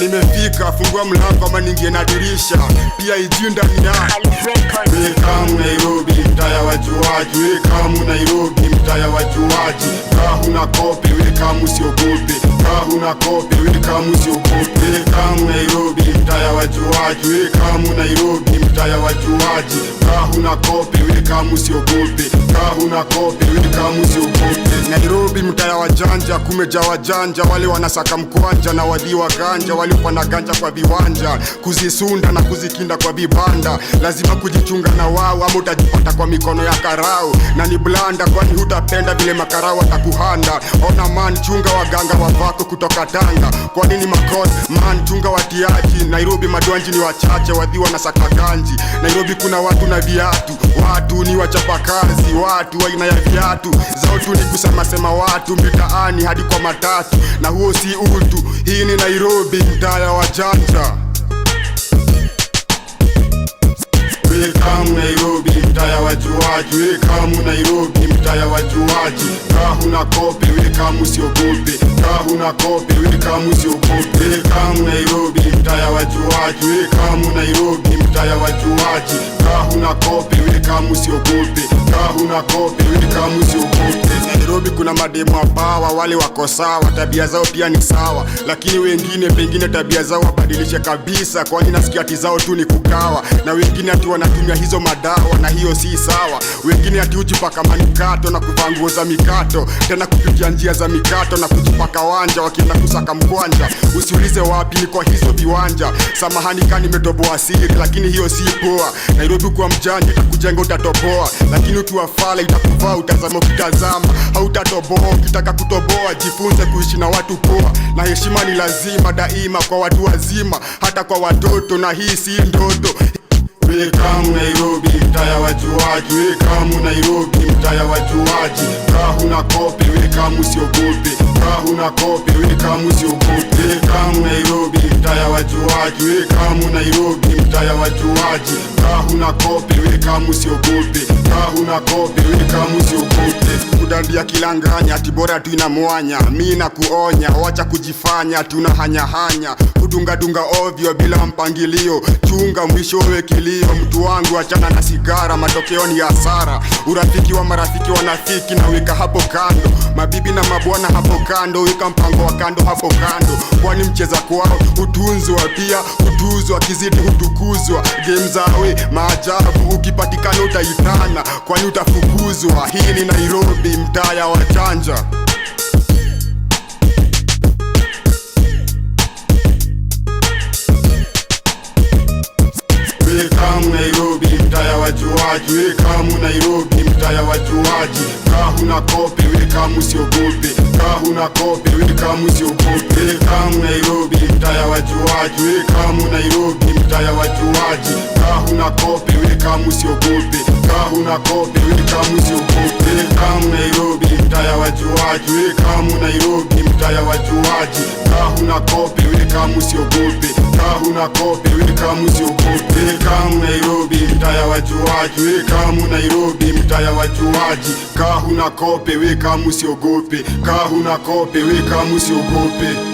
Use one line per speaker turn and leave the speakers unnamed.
Nimefika, fungua mlango ama ningie na dirisha, pia ijui ndani We come Nairobi, mtaa ya wajuaji. We come Nairobi, mtaa ya wajuaji. Kaa huna kope, we come usiogope. Kaa huna kope, we come usiogope. We come Nairobi, mtaa ya wajuaji. We come Nairobi, mtaa ya wajuaji. Kaa huna kope, we come usiogope. Kaa huna kope, we come usiogope. Nairobi, mtaya ya janja, kumeja wajanja, wale wanasaka mkwanja na wadi wa ganja, wale upana ganja kwa viwanja, kuzisunda na kuzikinda kwa vibanda. Lazima kujichunga na wao, ama utajipata kwa mikono ya karau na ni blanda, kwani hutapenda vile makarau atakuhanda. Ona man, chunga waganga wavako kutoka Tanga, kwani ni makos man, chunga watiaji. Nairobi madwanji ni wachache, wadhi wanasaka ganji. Nairobi kuna watu na viatu, watu ni wachapakazi, watu aina ya viatu zao tu ni kusemasema watu mbita mitaani hadi kwa matatu, na huo si utu. Hii ni Nairobi, mtaa ya wajanja. Welcome Nairobi, mtaa ya wajuaji. Welcome Nairobi, mtaa ya wajuaji. Kahu huna kope, wekamu siogope. Kahu huna kope, wekamu siogope. Welcome Nairobi, mtaa ya wajuaji. Welcome Nairobi, mtaa ya wajuaji kuna kope, wewe kama usiogope, kama huna kope, wewe kama usiogope. Nairobi kuna mademu wapawa, wale wako sawa, tabia zao pia ni sawa, lakini wengine pengine tabia zao wabadilishe kabisa, kwani nasikia ati zao tu ni kukawa, na wengine ati wanatumia hizo madawa, na hiyo si sawa. Wengine ati hujipaka manikato na kuvaa nguo za mikato, tena kupitia njia za mikato na kujipaka wanja, wakienda kusaka mkwanja, usiulize wapi ni kwa hizo viwanja. Samahani kani nimetoboa siri, lakini hiyo si poa. Nairobi kwa ukiwa mjanja itakujenga utatoboa, lakini ukiwa fala itakuvaa utazama ukitazama hautatoboa. Ukitaka kutoboa jifunze kuishi na watu poa, na heshima ni lazima daima kwa watu wazima, hata kwa watoto, na hii si ndoto. Wekamu Nairobi, wajuaji. Wekamu Nairobi, wajuaji. kope, wekamu siogope. kope, wekamu siogope wajuaji, we kamu Nairobi, mtaya wajuaji, kahu na kope, we kamu siogope Furaha unakoberwika muzi ukute kudandia kilanganya tibora tuina mwanya mi na kuonya, wacha kujifanya tuna hanyahanya kudungadunga ovyo bila mpangilio, chunga mwisho kilio. Mtu wangu achana na sigara, matokeo ni hasara. Urafiki wa marafiki wanafiki na wika hapo kando, mabibi na mabwana hapo kando, wika mpango wa kando hapo kando, kwani mcheza kwao hutunzwa pia hutuzwa, kizidi hutukuzwa. Game zawe maajabu ukipatikana utaitana, kwani utafukuzwa. Hii ni Nairobi, mtaya wa chanja wajuaji, we kamu Nairobi, mtaya wajuaji, huna kope, we kamu siogope, huna kope, we kamu siogope, we kamu Nairobi, mtaya wajuaji, we kamu Nairobi, mtaya wajuaji, huna kope, we kamu siogope, huna kope, we kamu siogope, we kamu Nairobi, mtaya wajuaji, we kamu Nairobi, mtaya wajuaji, huna kope, we kamu siogope, huna kope, we kamu siogope, we kamu Nairobi wajuaji, kamu Nairobi, mtaa ya wajuaji. Kaa huna kope, kamu siogope, kaa huna kope, kamu siogope